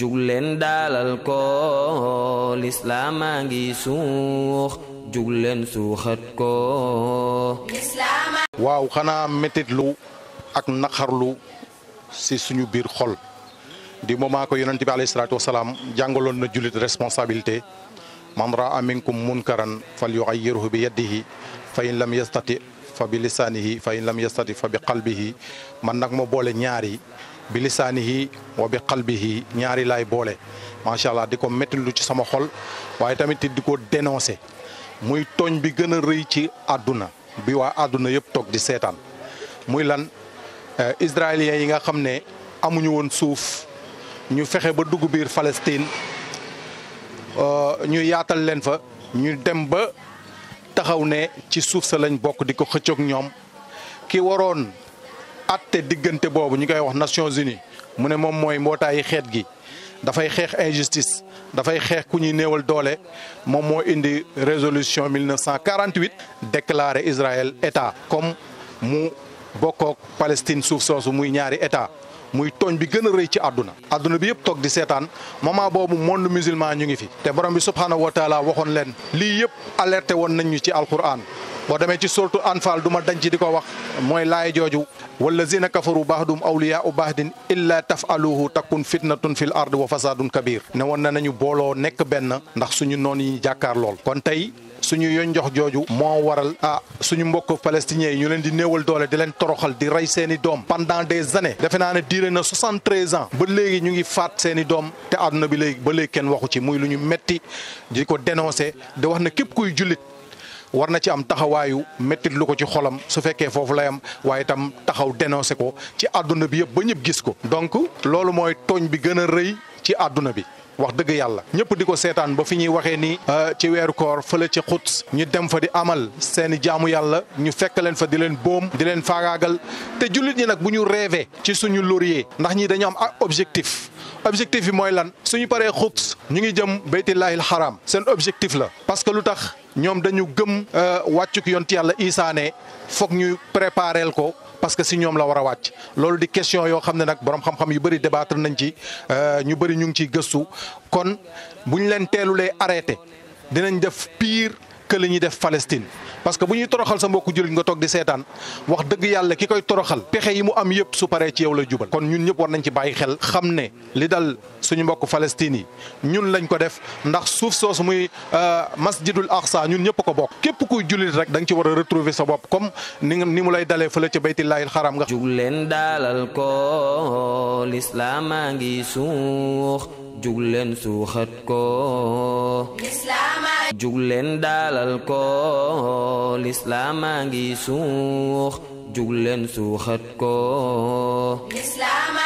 jug leen daalal ko lislaamaa ngi suux jug leen suuxat ko waaw xanaa métitlu ak naqarlu ci suñu biir xol di moment ko yonent bi alayhi salaatu wasalaam jàngaloon na jullit responsabilité man raa minkum munkaran fal yuxayyirhu bi yadihi fa in lam yastati fa bi lisaanihi fa in lam yastati fa bi qalbihi man nag ma boole ñaar bi lisaanihi wa bi qalbihi ñaari laay boole macha allah di ko méttilu ci sama xol waaye tamit di ko dénoncé muy tooñ bi gën a rëy ci àdduna bi waa àdduna yëpp toog di seetaan muy lan eh, israéliens yi nga xam ne amuñu woon suuf ñu fexe ba dugg biir Palestine eh, ñu yaatal leen fa ñu dem ba taxaw ne ci suuf sa lañ bokk di ko xëccook ñoom ki waroon te diggante boobu ñu koy wax Nations Unies mu ne moom mooy mbootaayu xeet gi dafay xeex injustice dafay xeex ku ñuy néewal doole moom moo indi résolution 1948 déclaré Israël état comme mu bokkook Palestine suuf soosu muy ñaari état muy tooñ bi gën a rëy ci àdduna àdduna bi yëpp toog di seetaan moment boobu monde musulman ñu ngi fi te borom bi subhaanahu wa waxoon leen lii yëpp alerté woon nañ ñu ci alquran boo demee ci surtu anfal du ma dañ ci di ko wax mooy laay jooju wallazina kafaru baahdum awliyaau taf illaa tafaluhu takun fitnatun fil ard wa fasadun kabir ne woon na nañu booloo nekk benn ndax suñu noon yi jàkkaar lool kon tey suñu yoon jox jooju moo waral ah suñu mbokk palestiniens yi ñu leen di néewal doole di leen toroxal di rey seeni doom pandant des années defe naa ne diire na 73 ans ba léegi ñu ngi faat seeni doom te àdduna bi léegi ba léegi kenn waxu ci muy lu ñu metti di ko dénoncer di wax na képp kuy jullit war na ci am taxawaayu méttit lu ko ci xolam su fekkee foofu lay am waaye itam taxaw dénoncé ko ci àdduna bi yëpp ba ñëpp gis ko donc loolu mooy tooñ bi gën a rëy ci àdduna bi wax dëgg yàlla ñëpp di ko seetaan ba fi ñuy waxee ni euh, ci weeru koor fële ci xut ñu dem fa di amal seeni jaamu yàlla ñu fekk leen fa di leen boom di leen faagaagal te jullit ñi nag bu ñu rêvé ci suñu laurier ndax ñi dañu am objectif objectif bi mooy lan suñu paree xups ñu ngi jëm baytillaahil xaraam seen objectif la parce que lu tax ñoom dañu gëm euh, wàccuk yonti yàlla isaane foog ñu prépareel ko parce que si ñoom la war a wàcc loolu di question yoo xam ne nag borom xam-xam yu bëri débattre nañ ci euh, ñu bëri ñu ngi ciy gëstu kon bu ñu leen teelulee arrêté dinañ def pire que li ñuy def Palestine. parce que bu ñuy toroxal sa mbokku jullit nga toog di seetaan wax dëgg yàlla ki koy toroxal pexe yi mu am yëpp su paree ci yow la jubal kon ñun ñëpp war nañ ci bàyyi xel xam ne li dal suñu mbokk Palestine yi ñun lañ ko def ndax suuf soosu muy euh, masjidul aqsa ñun ñëpp ko bokk képp kuy jullit rek da ci war a retrouver sa bopp comme ni ni mu lay dalee fële ca baytillaahil xaram nga jug leen daalal ko lislaama ngi suux jugleen suuxat ko lislaama jugleen daalal ko lislaama ngi suux jugleen suuxat ko